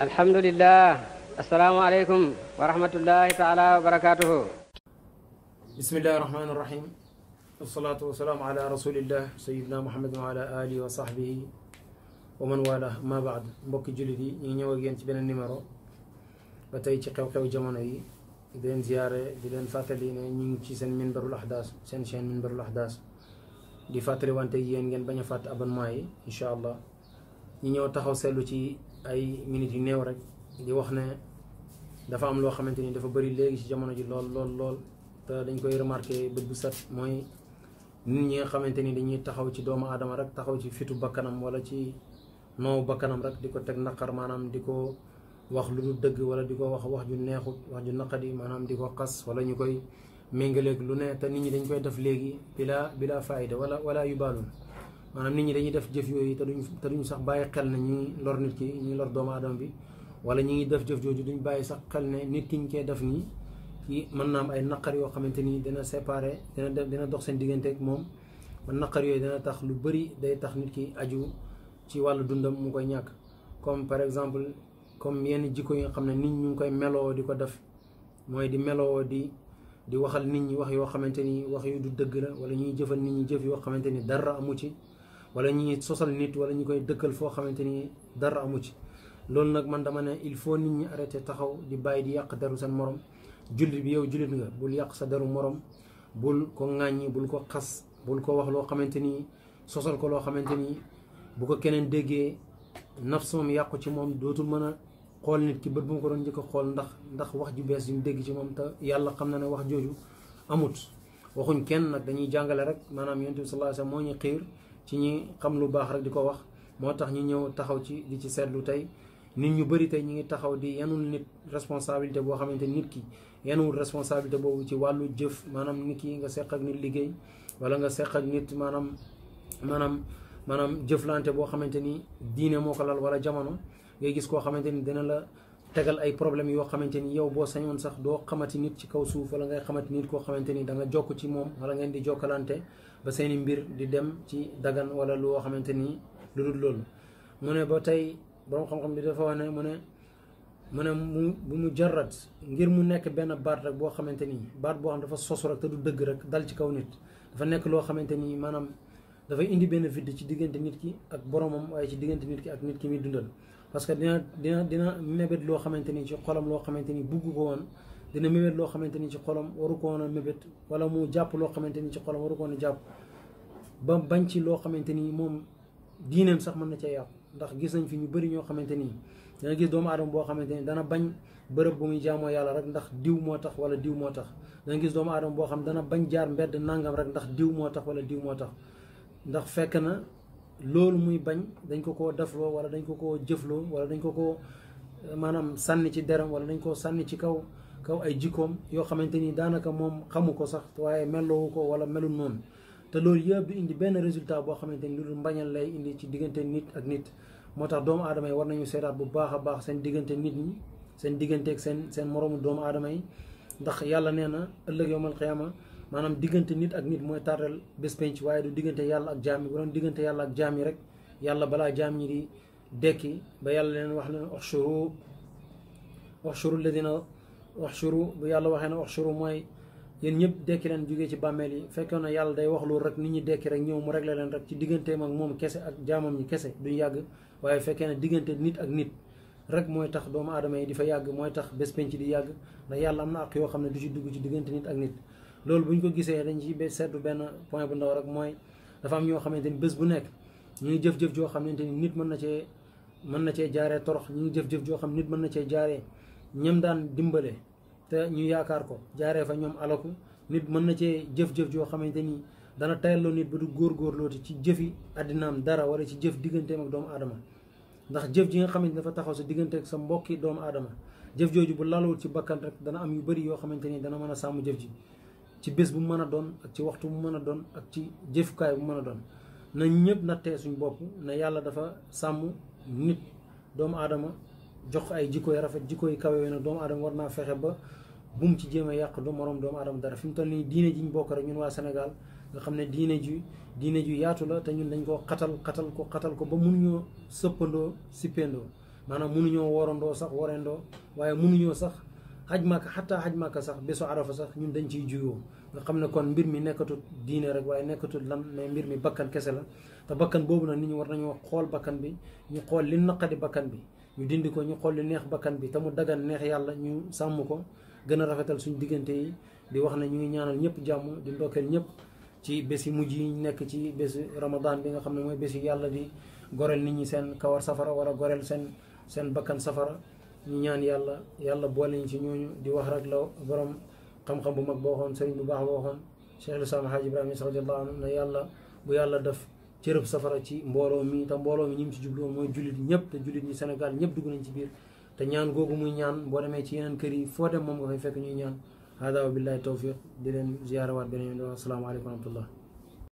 الحمد لله السلام عليكم ورحمة الله تعالى وبركاته بسم الله الرحمن الرحيم الصلاة والسلام على رسول الله سيدنا محمد وعلى آله وصحبه ومن والاه ما بعد بوك جلدي ني وجين تبين النمرو باتاي تي قاو قاو جامونو يي دين زياره دين فاتلي ني نيغي تي سن منبر الاحداث سن شين منبر الاحداث دي فاتلي وانتي يين ген باغا فات ابون ماي ان شاء الله ني نيو تاخو تي ay minutes yu néew rek di wax ne dafa am loo xamante ni dafa bëri léegi ci jamono ji lool lool lool te dañ koy remarqué bët bu set mooy nit ñi nga xamante ni dañuy taxaw ci doomu aadama rek taxaw ci fitu bakkanam wala ci noow bakkanam rek di ko teg naqar maanaam di ko wax lu dul dëgg wala di ko wax wax ju neexut wax ju naqadi maanaam di ko xas wala ñu koy méngaleeg lu ne te nit ñi dañ koy def léegi bila bila faayda wala wala yubaalun maanaam nit ñi dañuy def jëf yooyu te duñ sax bàyyi xel ne ñu ngi lor nit ki ñu ngi lor doomu aadama bi wala ñu ngi def jëf jooju duñ bàyyi sax xel ne nit ki ñu koy def nii kii mën naa am ay naqar yoo xamante ni dina séparé dina dina dox diggante ak moom man naqar yooyu dina tax lu bëri day tax nit ki aju ci wàllu dundam mu koy ñàkk comme par exemple comme yenn jikko yi nga xam ne nit ñu ngi koy meloo di ko def mooy di meloo di di waxal nit ñi wax yoo xamante ni wax yu du dëgg la wala ñuy jëfal nit ñi jëf yoo xamante ni dara amu ci wala ñuy sosal nit wala ñu koy dëkkal foo xamante ni dara amu ci loolu nag man dama ne il faut nit ñi arrêté taxaw di bàyyi di yàq deru seen morom jullit bi yow jullit nga bul yàq sa deru morom bul ko ŋàññi bul ko xas bul ko wax loo xamante ni sosal ko loo xamante ni bu ko keneen déggee nafsam yàqu ci moom dootul mën a xool nit ki bët bu ma ko doon njëkk a xool ndax ndax wax ju bees yuñ dégg ci moom te yàlla xam na ne wax jooju amut waxuñ kenn nag dañuy jàngale rek maanaam yonent bi sallallahu alayhi wasallam moo ñu xiir ci ñi xam lu baax rek di ko wax moo tax ñu ñëw taxaw ci di ci seetlu tey nit ñu bëri tey ñu ngi taxaw di yenn nit responsabilité boo xamante nit ki yanul responsabilité boobu ci wàllu jëf maanaam nit ki nga seq ak nit liggéey wala nga seq ak nit maanaam maanaam maanaam jëflante boo xamante ni diine moo ko lal wala jamono ngay gis koo xamante ni dina la tegal ay problèmes yoo xamante ni yow boo sañoon sax doo xamati nit ci kaw suuf wala ngay xamati nit koo xamante ni danga jokk ci moom wala ngeen di jokkalante ba seeni mbir di dem ci dagan wala loo xamante ni lu dul loolu mu ne ba tey borom xam-xam bi dafa wax ne mu ne mu ne mu bu mu jarat ngir mu nekk benn baat rek boo xamante ni baat boo xam dafa sos rek dëgg rek dal ci nit dafa nekk loo xamante ni maanaam dafay indi benn vide ci diggante nit ki ak boromam waaye ci diggante nit ki ak nit ki muy dundal parce que dina dina dina loo xamante ni ci xolam loo xamante ni bugg ko woon dina mébét lo xamanteni ci xolam waru ko woon a mébét wala mu jàpp lo xamanteni ci xolam waru ko woon jàpp ba bañ ci lo xamanteni mom dinam sax man na ci yàqu ndax gis nañ fi ñu bari ñoo xamanteni da nga gis doomu adam bo xamanteni dana bañ bërepp bu muy jaamoo yàlla rek ndax diw mo tax wala diw mo tax da nga gis doomu adam bo xam dana bañ jaar mbedd nangam rek ndax diw mo tax wala diw mo tax ndax fekk na lool muy bañ dañ ko ko defloo wala dañ ko ko jëflo wala dañ ko ko manam sànni ci deram wala dañ ko sànni ci kaw kaw ay jikkoom yoo xamante ni daanaka moom xamu ko sax waaye melowu ko wala melul noonu te loolu yëpp du indi benn résultat boo xamante ni lu dul mbañal lay indi ci diggante nit ak nit moo tax doomu aadama yi war nañu seetaat bu baax a baax seen diggante nit ñi seen diggante seen seen moroomu doomu aadama yi ndax yàlla nee na ëllëg yowmal xiyaama maanaam diggante nit ak nit mooy tàrreel bés penc waaye du diggante yàlla ak jaam yi bu doon diggante yàlla ak jaam yi rek yàlla balaa jaam ñi di dekki ba yàlla leen wax leen oxshuru oxshuru ladina uxshuru bu yàlla waxee na ne uxshuru mooy yéen ñëpp dekki leen jógee ci bàmmeel yi fekkoon na yàlla day wax loolu rek nit ñi dekki rek ñëw mu réglé leen rek ci digganteem ak moom kese ak jaamam ñi kese duñ yàgg waaye fekkee diggante nit ak nit rek mooy tax doomu aadama yi di fa yàgg mooy tax bés penc di yàgg ndax yàlla am na ak yoo xam ne du ci dugg ci diggante nit ak nit loolu bu ñu ko gisee dañ ci seetlu benn point bu ndaw rek mooy dafa am ñoo xamante ni bés bu nekk ñu ngi jëf-jëf joo xamante ni nit mën na cee mën na cee jaaree torox ñu ngi jëf joo xam nit mën na cee jaaree ñam daan dimbale te ñu yaakaar ko jaaree fa ñoom alaku nit mën na cee jëf-jëf joo xamante ni dana tayalloo nit ba du góor góorgóorlooti ci jëfi àddinaam dara wala ci jëf digganteem ak doomu aadama ndax jëf ji nga xamante dafa taxaw sa diggante sa mbokki doomu aadama jëf jooju bu lalul ci bakkan rek dana am yu bëri yoo xamante ni dana mën a sàmm jëf ji ci bés bu mën a doon ak ci waxtu bu mën a doon ak ci jëfukaay bu mën a doon na ñëpp nattee suñu bopp na yàlla dafa sàmm nit doomu aadama jox ay jikko yu rafet jikko yu kawe nag doomu aadama war naa fexe ba bum ci jéem a yàq du morom doomu adama dara fi mu nii diine ji ñu bokk rek ñun waa Sénégal nga xam ne diine ji diine ju yaatu la te ñun dañ ko xatal xatal ko xatal ko ba mënuñoo sëppandoo sippandoo maanaam mu nu mënuñoo worandoo sax worendoo waaye mu mënuñoo sax xaj màkk xataa xaj màkk sax bésu arafa sax ñun dañ ci juyoo nga xam ne kon mbir mi nekkatul diine rek waaye nekkatul lan mbir mi bakkan kese la te bakkan boobu nag nit ñi war nañoo xool bakkan bi ñu xool li naqadi bakkan bi ñu dindi ko ñu xol li neex bakkan bi tamu dagan neex yalla ñu sam ko gëna rafetal suñu digënté yi di wax na ñu ngi ñaanal ñëpp jamm di ndokkel ñëpp ci bés yi mujj yi nekk ci bés ramadan bi nga xamne moy mooy yalla di gorel nit ñi seen kawar safara wara gorel seen seen bakkan safara ñu ñaan yalla yalla boole ñu ci ñooñu di wax rek law borom xam-xam bu mag bo xon sëriñ bu baax bo xon cheikh lislam haaji ibrahima is radiallahu anhu bu yalla def cërëb safara ci mbooloo mi te mbooloo mi ñu mu ci jublu mooy jullit ñëpp te jullit ñi Sénégal ñëpp dugg nañ ci biir te ñaan googu muy ñaan boo demee ci yeneen kër yi foo dem moom nga fay fekk ñuy ñaan hada wa billahi tawfiq di leen ziyaarawaat beneen yoon asalaamaaleykum wa rahmatullah